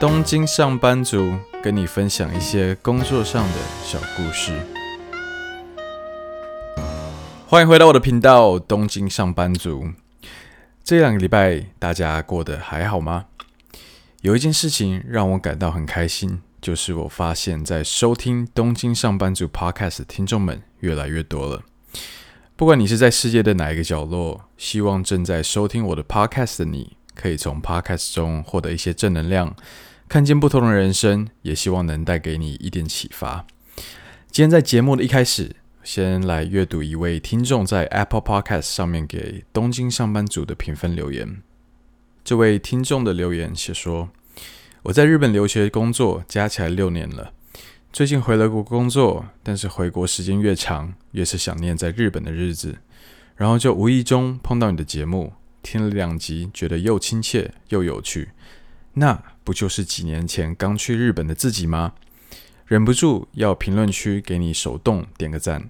東京上班族跟你分享一些工作上的小故事。歡迎回到我的頻道《東京上班族》。這兩個禮拜大家過得還好嗎？有一件事情讓我感到很開心，就是我發現，在收聽《東京上班族》podcast 的聽眾們越來越多了。不管你是在世界的哪一個角落，希望正在收聽我的 podcast 的你，可以從 podcast 中獲得一些正能量。看見不同的人生，也希望能帶給你一點啟發。今天在節目的一開始，先來閱讀一位聽眾在 Apple Podcast 上面給東京上班族的評分留言。這位聽眾的留言寫說：“我在日本留學工作加起來六年了，最近回了國工作，但是回國時間越長，越是想念在日本的日子。然後就無意中碰到你的節目，聽了兩集，覺得又親切又有趣。”那不就是幾年前剛去日本的自己嗎？忍不住要評論區給你手動點個讚。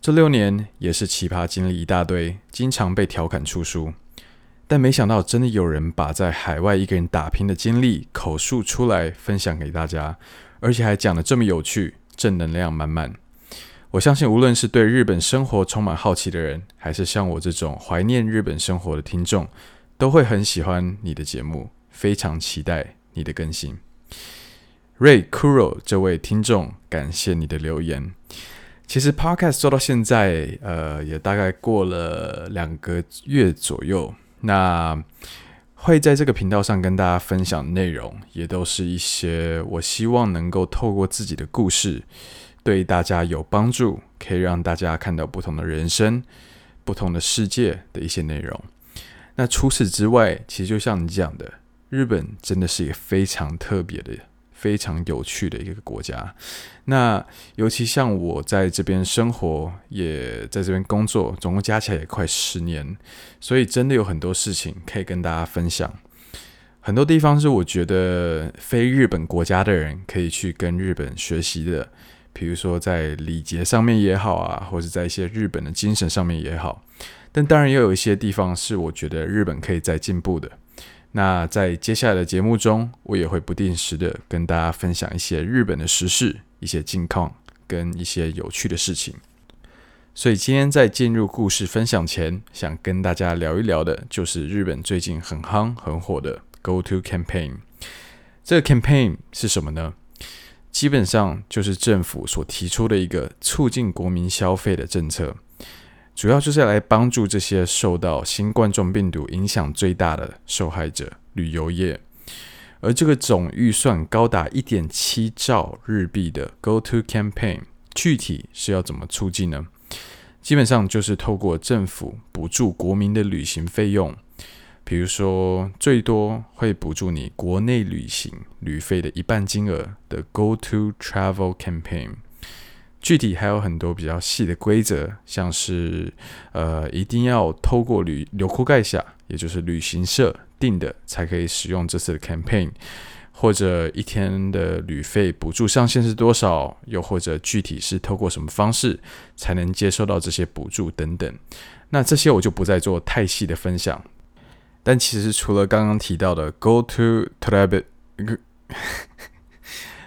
這六年也是奇葩經歷一大堆，經常被調侃出書，但沒想到真的有人把在海外一個人打拼的經歷口述出來分享給大家，而且還講得這麼有趣，正能量滿滿。我相信，無論是對日本生活充滿好奇的人，還是像我這種懷念日本生活的聽眾，都會很喜歡你的節目。非常期待你的更新，Ray Kuro 這位聽眾，感謝你的留言。其實 Podcast 做到現在，呃，也大概過了兩個月左右。那會在這個頻道上跟大家分享內容，也都是一些我希望能夠透過自己的故事，對大家有幫助，可以讓大家看到不同的人生、不同的世界的一些內容。那除此之外，其實就像你講的。日本真的是一個非常特別的、非常有趣的一個國家。那尤其像我在這邊生活，也在這邊工作，總共加起來也快十年，所以真的有很多事情可以跟大家分享。很多地方是我覺得非日本國家的人可以去跟日本學習的，比如說在禮節上面也好啊，或者在一些日本的精神上面也好。但當然也有一些地方是我覺得日本可以再進步的。那在接下來的節目中，我也會不定時的跟大家分享一些日本的時事、一些近況跟一些有趣的事情。所以今天在進入故事分享前，想跟大家聊一聊的，就是日本最近很夯、很火的 “Go To Campaign”。這個 campaign 是什麼呢？基本上就是政府所提出的一個促進國民消費的政策。主要就是來幫助這些受到新冠狀病毒影響最大的受害者——旅遊業。而這個總預算高達一點七兆日幣的 Go To Campaign，具體是要怎麼促進呢？基本上就是透過政府補助國民的旅行費用，比如說最多會補助你國內旅行旅費的一半金額的 Go To Travel Campaign。具體還有很多比較細的規則，像是，呃，一定要透過旅留宿蓋下，也就是旅行社定的，才可以使用這次的 campaign，或者一天的旅費補助上限是多少，又或者具體是透過什麼方式才能接收到這些補助等等。那這些我就不再做太細的分享。但其實除了剛剛提到的 Go to Travel，呃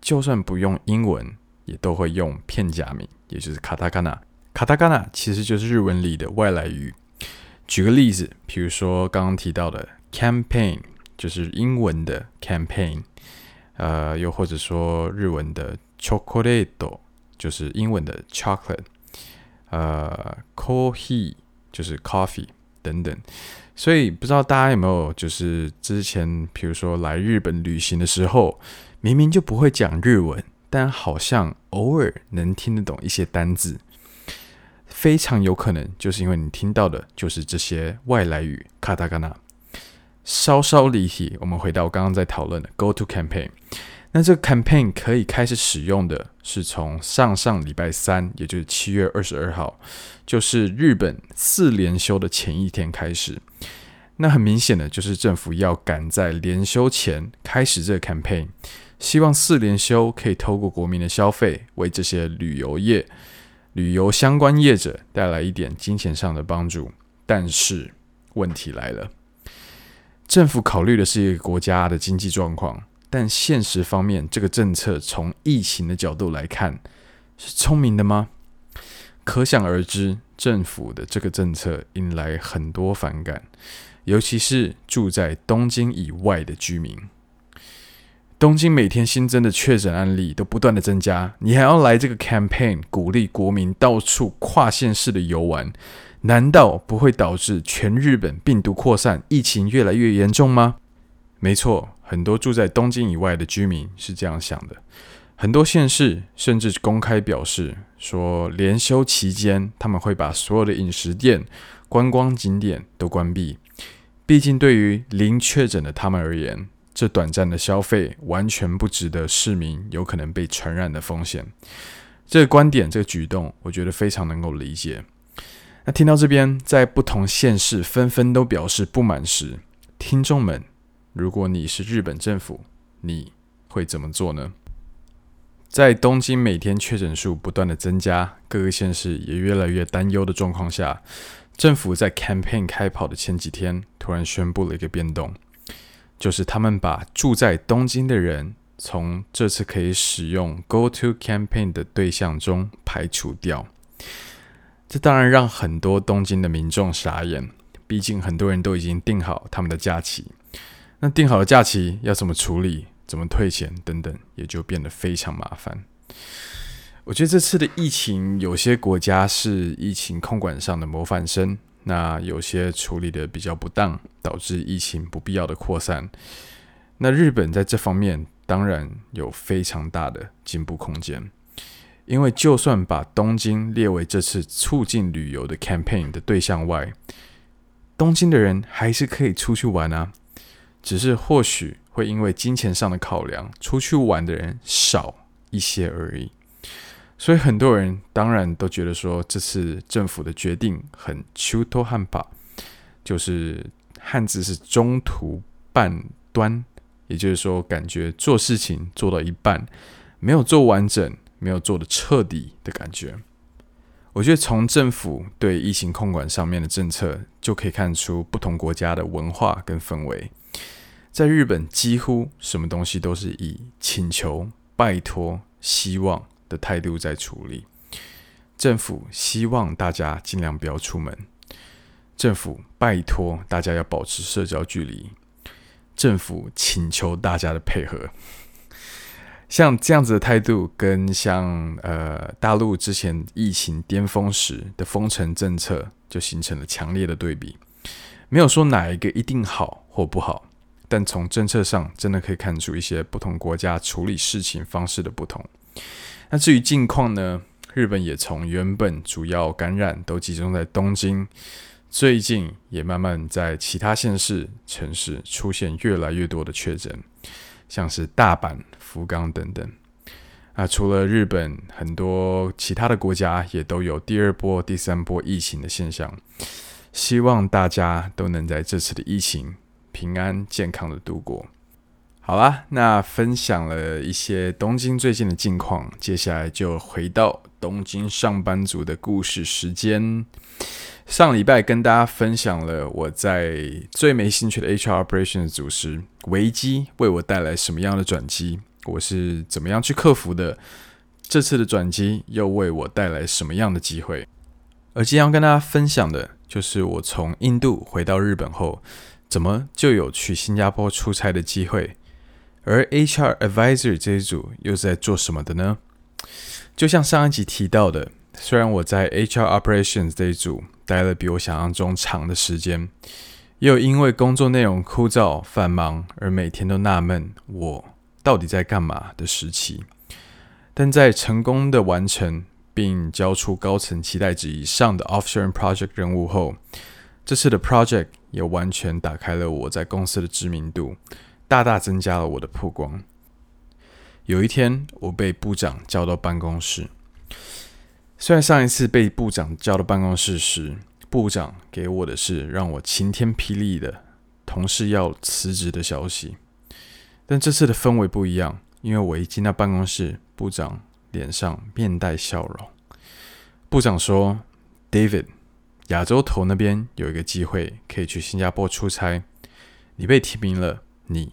就算不用英文，也都會用片假名，也就是カタカナ。カタカナ其實就是日文裡的外來語。舉個例子，比如說剛剛提到的 campaign，就是英文的 campaign，呃，又或者說日文的 chocolate，就是英文的 chocolate，呃，コーヒー就是 coffee 等等。所以不知道大家有沒有，就是之前比如說來日本旅行的時候，明明就不會講日文，但好像偶爾能聽得懂一些單字，非常有可能就是因為你聽到的就是這些外來語，卡塔卡那。稍稍離題，我們回到剛剛在討論的 Go to campaign。那這個 campaign 可以開始使用的是從上上禮拜三，也就是七月二十二號，就是日本四連休的前一天開始。那很明顯的就是政府要趕在連休前開始這個 campaign。希望四連休可以透過國民的消費，為這些旅遊業、旅遊相關業者帶來一點金錢上的幫助。但是問題來了，政府考慮的是一個國家的經濟狀況，但現實方面，這個政策從疫情的角度來看，是聰明的嗎？可想而知，政府的這個政策引來很多反感，尤其是住在東京以外的居民。東京每天新增的確診案例都不斷的增加，你還要來這個 campaign 鼓勵國民到處跨縣市的遊玩，難道不會導致全日本病毒擴散、疫情越來越嚴重嗎？沒錯，很多住在東京以外的居民是這樣想的。很多縣市甚至公開表示說，連休期間他們會把所有的飲食店、觀光景點都關閉，畢竟對於零確診的他們而言。這短暫的消費完全不值得市民有可能被傳染的風險。這個觀點，這個舉動，我覺得非常能夠理解。那聽到這邊，在不同縣市紛紛都表示不滿時，聽眾們，如果你是日本政府，你會怎麼做呢？在東京每天確診數不斷的增加，各個縣市也越來越擔憂的狀況下，政府在 campaign 開跑的前幾天，突然宣布了一個變動。就是他們把住在東京的人從這次可以使用 Go to Campaign 的對象中排除掉，這當然讓很多東京的民眾傻眼。畢竟很多人都已經定好他們的假期，那定好的假期要怎麼處理、怎麼退錢等等，也就變得非常麻煩。我覺得這次的疫情，有些國家是疫情控管上的模範生。那有些處理的比較不當，導致疫情不必要的擴散。那日本在這方面當然有非常大的進步空間，因為就算把東京列為這次促進旅遊的 campaign 的對象外，東京的人還是可以出去玩啊，只是或許會因為金錢上的考量，出去玩的人少一些而已。所以很多人當然都覺得說，這次政府的決定很「中途半端」，就是漢字是中途半端，也就是說，感覺做事情做到一半，沒有做完整，沒有做的徹底的感覺。我覺得從政府對疫情控管上面的政策，就可以看出不同國家的文化跟氛圍。在日本，幾乎什麼東西都是以請求、拜托、希望。的態度在處理，政府希望大家盡量不要出門。政府拜托大家要保持社交距離。政府請求大家的配合。像這樣子的態度，跟像呃大陸之前疫情巔峰時的封城政策，就形成了強烈的對比。沒有說哪一個一定好或不好，但從政策上，真的可以看出一些不同國家處理事情方式的不同。那至於近況呢？日本也從原本主要感染都集中在東京，最近也慢慢在其他縣市城市出現越來越多的確診，像是大阪、福岡等等。啊，除了日本，很多其他的國家也都有第二波、第三波疫情的現象。希望大家都能在這次的疫情平安健康的度過。好啦，那分享了一些東京最近的近況，接下來就回到東京上班族的故事時間。上禮拜跟大家分享了我在最沒興趣的 HR operation 的組織危機，為我帶來什麼樣的轉機，我是怎麼樣去克服的。這次的轉機又為我帶來什麼樣的機會？而今天要跟大家分享的，就是我從印度回到日本後，怎麼就有去新加坡出差的機會。而 HR Advisory 這一組又是在做什麼的呢？就像上一集提到的，雖然我在 HR Operations 這一組待了比我想象中長的時間，又因為工作內容枯燥、繁忙而每天都納悶我到底在幹嘛的時期，但在成功的完成並交出高層期待值以上的 offshore project 任務後，這次的 project 也完全打開了我在公司的知名度。大大增加了我的曝光。有一天，我被部長叫到辦公室。雖然上一次被部長叫到辦公室時，部長給我的是讓我晴天霹靂的同事要辭職的消息，但這次的氛圍不一樣。因為我一進到辦公室，部長臉上面帶笑容。部長說：“David，亞洲頭那邊有一個機會，可以去新加坡出差，你被提名了。”你。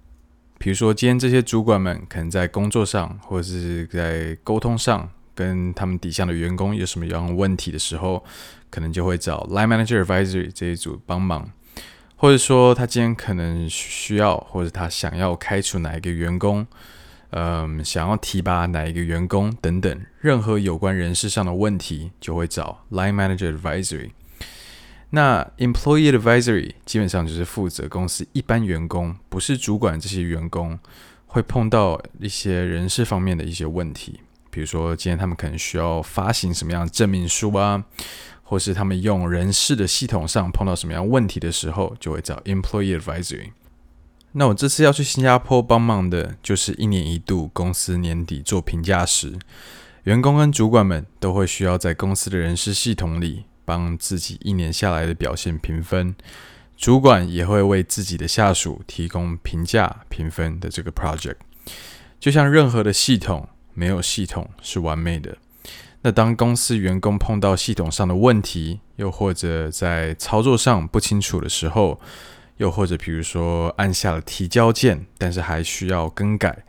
比如說，今天這些主管們可能在工作上或者是在溝通上跟他們底下的員工有什麼樣的問題的時候，可能就會找 Line Manager Advisory 這一組幫忙，或者說他今天可能需要或者他想要開除哪一個員工，嗯，想要提拔哪一個員工等等，任何有關人事上的問題就會找 Line Manager Advisory。那 Employee Advisory 基本上就是負責公司一般員工，不是主管這些員工，會碰到一些人事方面的一些問題，比如說今天他們可能需要發行什麼樣的證明書啊，或是他們用人事的系統上碰到什麼樣問題的時候，就會找 Employee Advisory。那我這次要去新加坡幫忙的，就是一年一度公司年底做評價時，員工跟主管們都會需要在公司的人事系統裡。幫自己一年下來的表現評分，主管也會為自己的下屬提供評價評分的這個 project。就像任何的系統，沒有系統是完美的。那當公司員工碰到系統上的問題，又或者在操作上不清楚的時候，又或者比如說按下了提交鍵，但是還需要更改，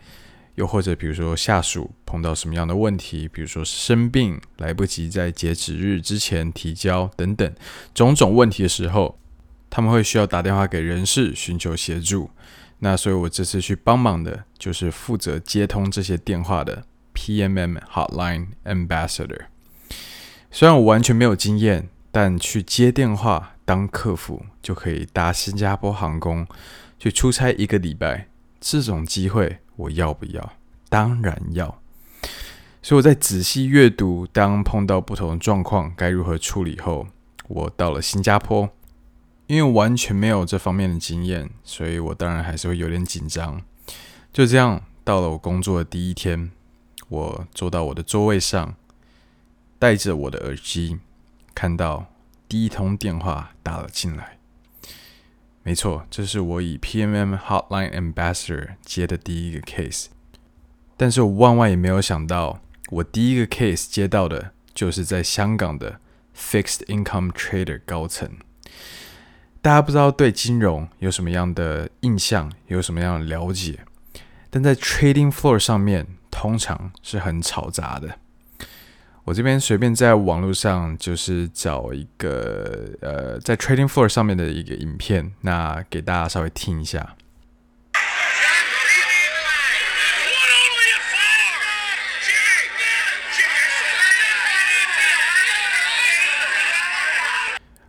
又或者比如說下屬。碰到什麼樣的問題，比如說生病、來不及在截止日之前提交等等種種問題的時候，他們會需要打電話給人事尋求協助。那所以我這次去幫忙的就是負責接通這些電話的 PMM Hotline Ambassador。雖然我完全沒有經驗，但去接電話當客服就可以搭新加坡航空去出差一個禮拜，這種機會我要不要？當然要。所以我在仔細閱讀，當碰到不同的狀況該如何處理後，我到了新加坡，因為完全沒有這方面的經驗，所以我當然還是會有點緊張。就這樣，到了我工作的第一天，我坐到我的座位上，戴着我的耳機，看到第一通電話打了進來。沒錯，這是我以 PMM Hotline Ambassador 接的第一個 case，但是我萬萬也沒有想到。我第一個 case 接到的，就是在香港的 Fixed Income Trader 高層。大家不知道對金融有什麼樣的印象，有什麼樣的了解？但在 Trading Floor 上面，通常是很嘈雜的。我這邊隨便在網絡上就是找一個，呃，在 Trading Floor 上面的一個影片，那給大家稍微聽一下。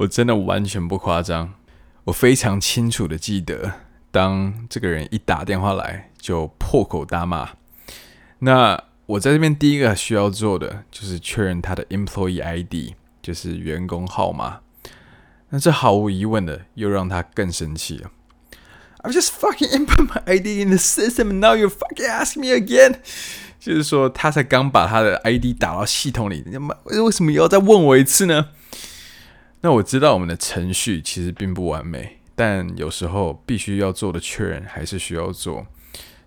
我真的完全不誇張，我非常清楚的記得，當這個人一打電話來就破口大罵，那我在這邊第一個需要做的就是確認他的 employee ID，就是員工號碼。那這毫無疑問的又讓他更生氣了。I've just fucking input my ID in the system and now you fucking ask me again。就是說他才剛把他的 ID 打到系統裡，他媽為什麼又要再問我一次呢？那我知道我們的程序其實並不完美，但有時候必須要做的確認還是需要做。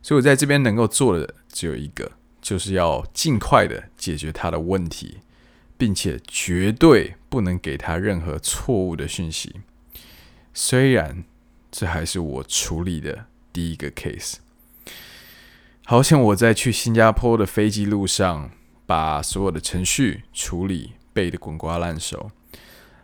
所以我在這邊能夠做的只有一個，就是要盡快的解決他的問題，並且絕對不能給他任何錯誤的訊息。雖然這還是我處理的第一個 case，好像我在去新加坡的飛機路上把所有的程序處理背得滾瓜爛熟。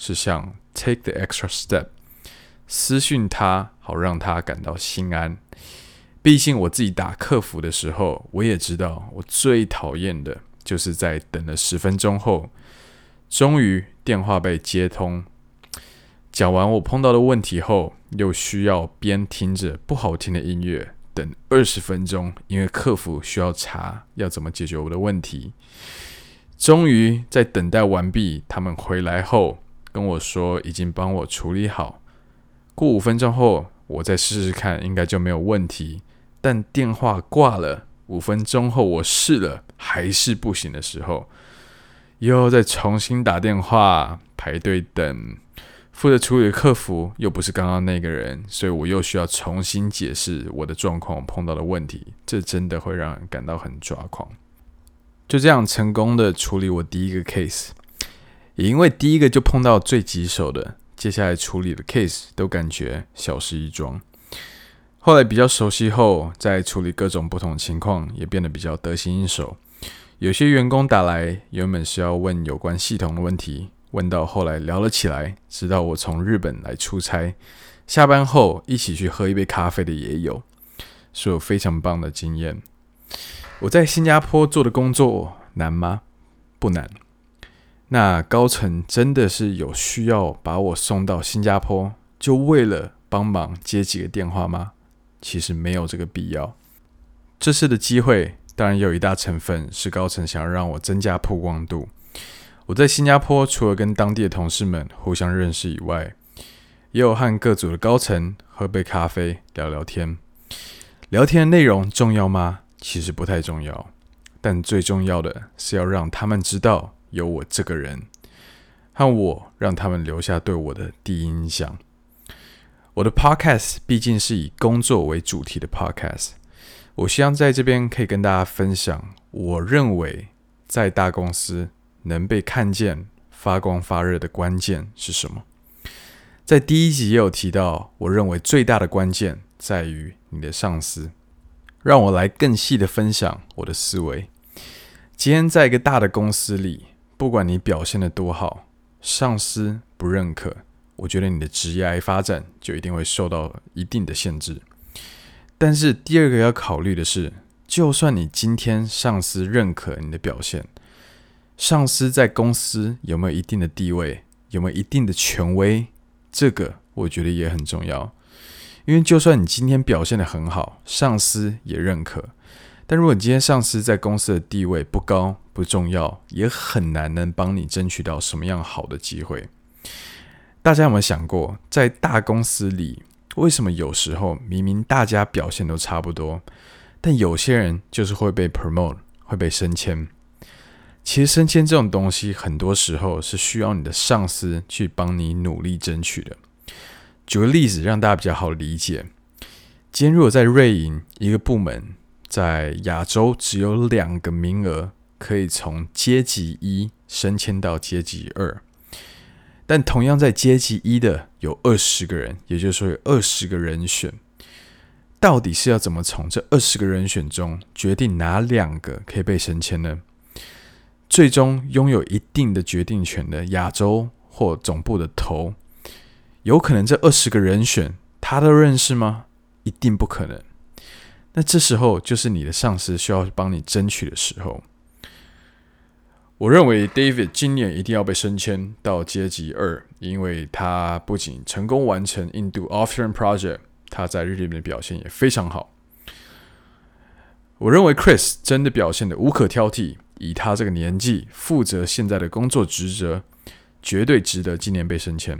是想 take the extra step 私訊他，好讓他感到心安。畢竟我自己打客服的時候，我也知道我最討厭的就是在等了十分鐘後，終於電話被接通，講完我碰到的問題後，又需要邊聽着不好聽的音樂等二十分鐘，因為客服需要查要怎麼解決我的問題。終於在等待完畢，他們回來後，跟我說已經幫我處理好，過五分鐘後我再試試看，應該就沒有問題。但電話掛了，五分鐘後我試了，還是不行的時候，又再重新打電話排隊等，負責處理的客服又不是剛剛那個人，所以我又需要重新解釋我的狀況，碰到的問題，這真的會讓人感到很抓狂。就這樣成功的處理我第一個 case。也因為第一個就碰到最棘手的，接下來處理的 case 都感覺小事一樁。後來比較熟悉後，在處理各種不同情況也變得比較得心應手。有些員工打來，原本是要問有關系統的問題，問到後來聊了起來，直到我從日本來出差，下班後一起去喝一杯咖啡的也有，是有非常棒的經驗。我在新加坡做的工作難嗎？不難。那高層真的是有需要把我送到新加坡，就為了幫忙接幾個電話嗎？其實沒有這個必要。這次的機會，當然也有一大成分是高層想要讓我增加曝光度。我在新加坡，除了跟當地的同事們互相認識以外，也有和各組的高層喝杯咖啡聊聊天。聊天的內容重要嗎？其實不太重要，但最重要的是要讓他們知道。有我這個人，和我讓他們留下對我的第一印象。我的 podcast 畢竟是以工作為主題的 podcast，我希望在這邊可以跟大家分享，我認為在大公司能被看見、發光發熱的關鍵是什麼。在第一集也有提到，我認為最大的關鍵在於你的上司。讓我來更細的分享我的思維。今天在一個大的公司裡。不管你表現得多好，上司不認可，我覺得你的職業發展就一定會受到一定的限制。但是第二個要考慮的是，就算你今天上司認可你的表現，上司在公司有沒有一定的地位，有沒有一定的權威，這個我覺得也很重要。因為就算你今天表現得很好，上司也認可。但如果你今天上司在公司的地位不高、不重要，也很難能幫你爭取到什麼樣好的機會。大家有沒有想過，在大公司裡，為什麼有時候明明大家表現都差不多，但有些人就是會被 promote、會被升遷？其實升遷這種東西，很多時候是需要你的上司去幫你努力爭取的。舉個例子，讓大家比較好理解，今天如果在瑞銀一個部門，在亞洲只有兩個名額可以從階級一升遷到階級二，但同樣在階級一的有二十個人，也就是說有二十個人選，到底是要怎麼從這二十個人選中決定哪兩個可以被升遷呢？最終擁有一定的決定權的亞洲或總部的頭，有可能這二十個人選他都認識嗎？一定不可能。那這時候就是你的上司需要幫你爭取的時候。我認為 David 今年一定要被升遷到階級二，因為他不僅成功完成印度 Offshore Project，他在日語裡面的表現也非常好。我認為 Chris 真的表現得無可挑剔，以他這個年紀負責現在的工作職責，絕對值得今年被升遷。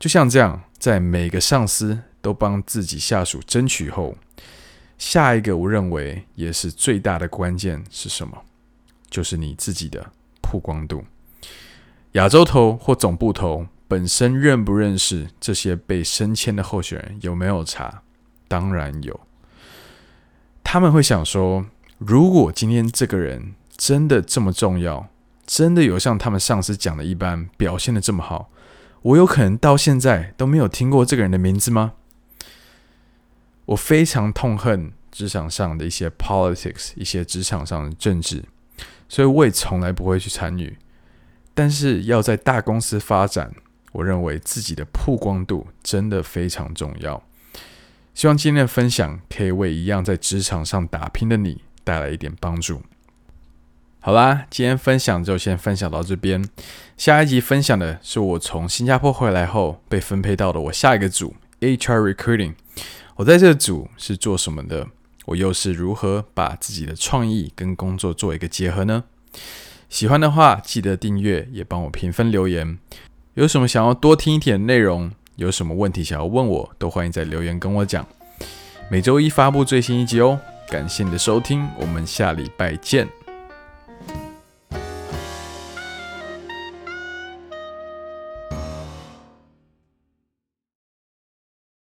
就像這樣，在每個上司都幫自己下屬爭取後。下一個，我認為也是最大的關鍵是什麼？就是你自己的曝光度。亞洲頭或總部頭本身認不認識這些被升遷的候選人，有沒有查？當然有。他們會想說：如果今天這個人真的這麼重要，真的有像他們上司講的一般表現的這麼好，我有可能到現在都沒有聽過這個人的名字嗎？我非常痛恨職場上的一些 politics，一些職場上的政治，所以我也從來不會去參與。但是要在大公司發展，我認為自己的曝光度真的非常重要。希望今天的分享可以為一樣在職場上打拼的你帶來一點幫助。好啦，今天分享就先分享到這邊。下一集分享的是我從新加坡回來後被分配到的我下一個組 HR Recruiting。我在這組是做什麼的？我又是如何把自己的創意跟工作做一個結合呢？喜歡的話記得訂閱，也幫我評分留言。有什麼想要多聽一點的內容？有什麼問題想要問我？都歡迎在留言跟我講。每周一發布最新一集哦。感謝你的收聽，我們下禮拜見。